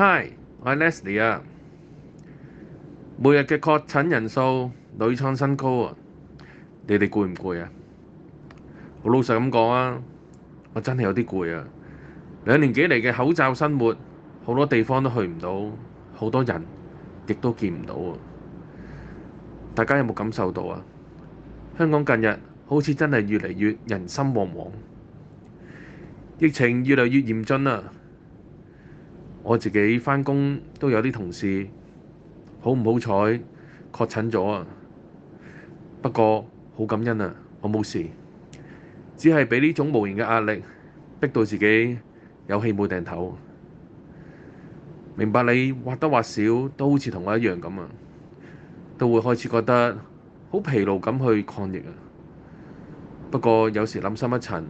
Hi，我係 Leslie 啊。每日嘅確診人數屢創新高啊！你哋攰唔攰啊？我老實咁講啊，我真係有啲攰啊。兩年幾嚟嘅口罩生活，好多地方都去唔到，好多人亦都見唔到啊！大家有冇感受到啊？香港近日好似真係越嚟越人心惶惶，疫情越嚟越嚴峻啊。我自己返工都有啲同事好唔好彩確診咗啊！不過好感恩啊，我冇事，只係畀呢種無形嘅壓力逼到自己有氣冇掟頭。明白你或多或少都好似同我一樣咁啊，都會開始覺得好疲勞咁去抗疫啊！不過有時諗深一層，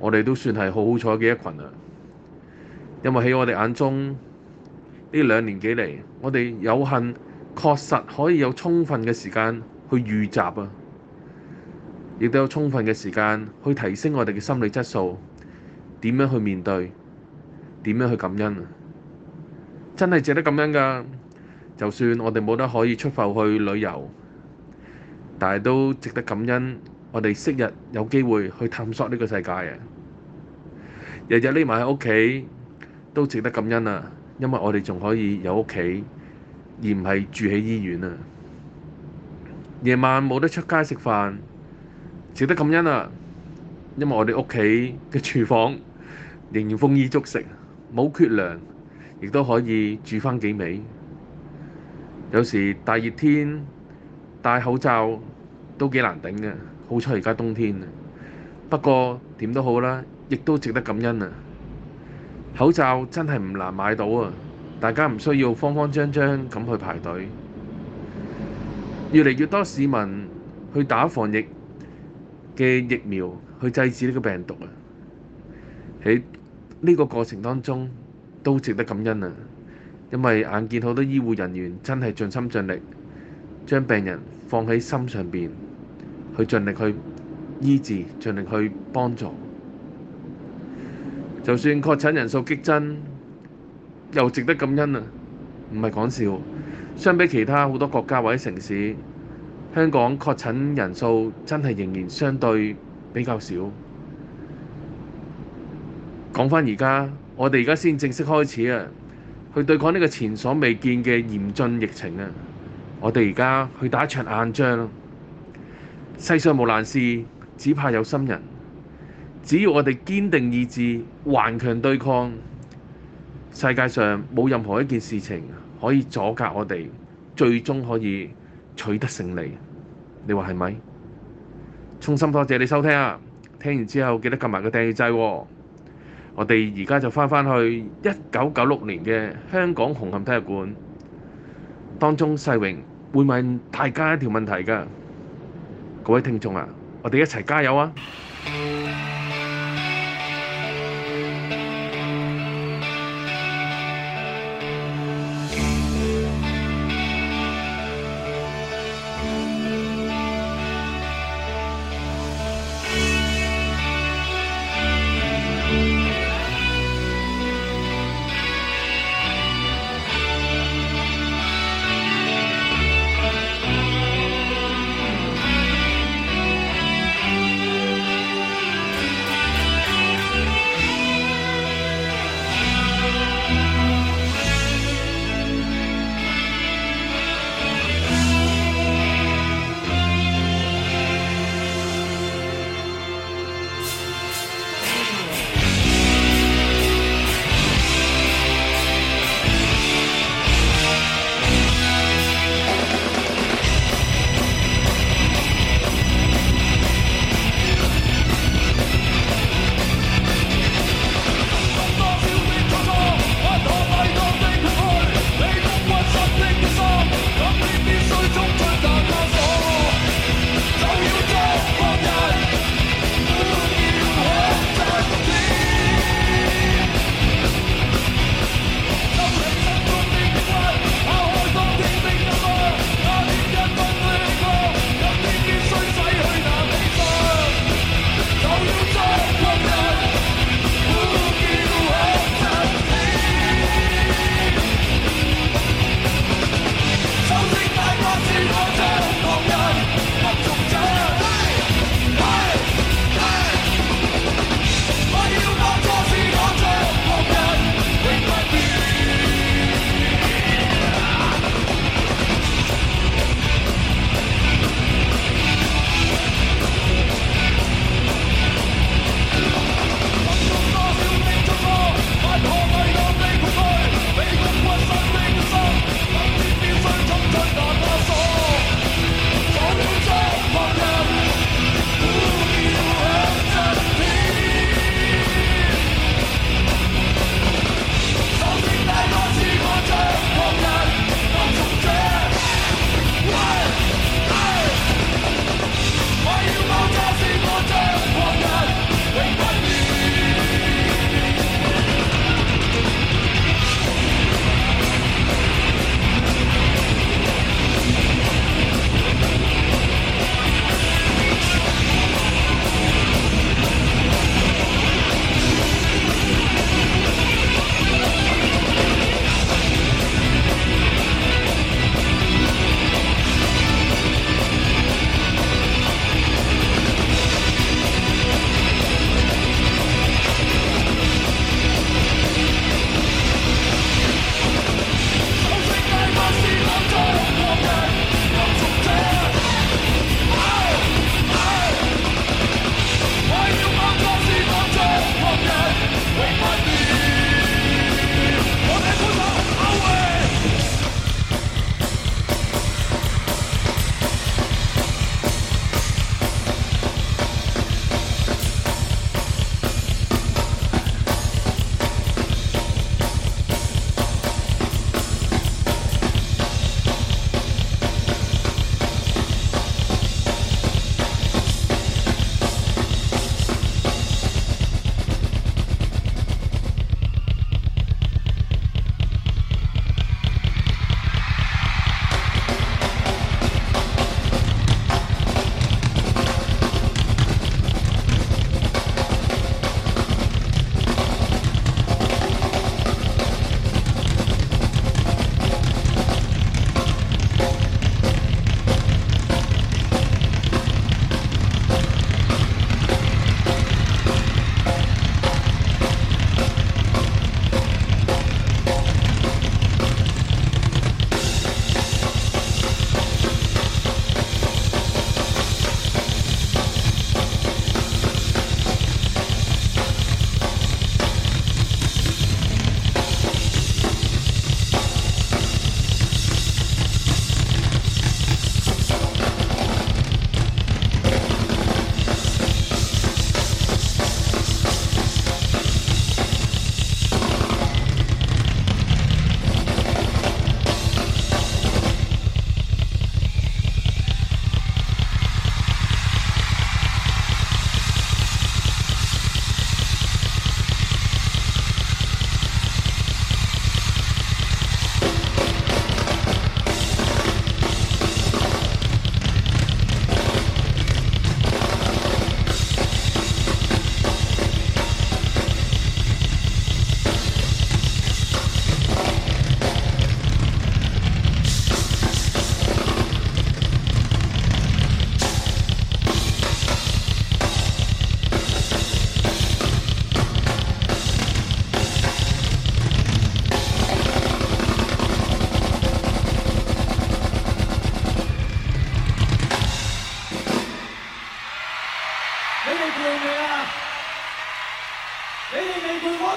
我哋都算係好好彩嘅一群啊！因為喺我哋眼中，呢兩年幾嚟，我哋有幸確實可以有充分嘅時間去預習啊，亦都有充分嘅時間去提升我哋嘅心理質素。點樣去面對？點樣去感恩啊？真係值得感恩㗎！就算我哋冇得可以出埠去旅遊，但係都值得感恩，我哋昔日有機會去探索呢個世界啊！日日匿埋喺屋企。都值得感恩啊，因為我哋仲可以有屋企，而唔係住喺醫院啊。夜晚冇得出街食飯，值得感恩啊！因為我哋屋企嘅廚房仍然豐衣足食，冇缺糧，亦都可以煮返幾味。有時大熱天戴口罩都幾難頂嘅，好彩而家冬天啊。不過點都好啦，亦都值得感恩啊。口罩真係唔難買到啊！大家唔需要慌慌張張咁去排隊。越嚟越多市民去打防疫嘅疫苗，去制止呢個病毒啊！喺呢個過程當中都值得感恩啊！因為眼見好多醫護人員真係盡心盡力，將病人放喺心上面，去盡力去醫治，盡力去幫助。就算確診人數激增，又值得感恩啊！唔係講笑，相比其他好多國家或者城市，香港確診人數真係仍然相對比較少。講返而家，我哋而家先正式開始啊，去對抗呢個前所未見嘅嚴峻疫情啊！我哋而家去打一場硬仗咯啊。世上無難事，只怕有心人。只要我哋堅定意志，頑強對抗，世界上冇任何一件事情可以阻隔我哋，最終可以取得勝利。你話係咪？衷心多謝你收聽啊！聽完之後記得撳埋個訂閱掣。我哋而家就返返去一九九六年嘅香港紅磡體育館當中，世榮會問大家一條問題噶。各位聽眾啊，我哋一齊加油啊！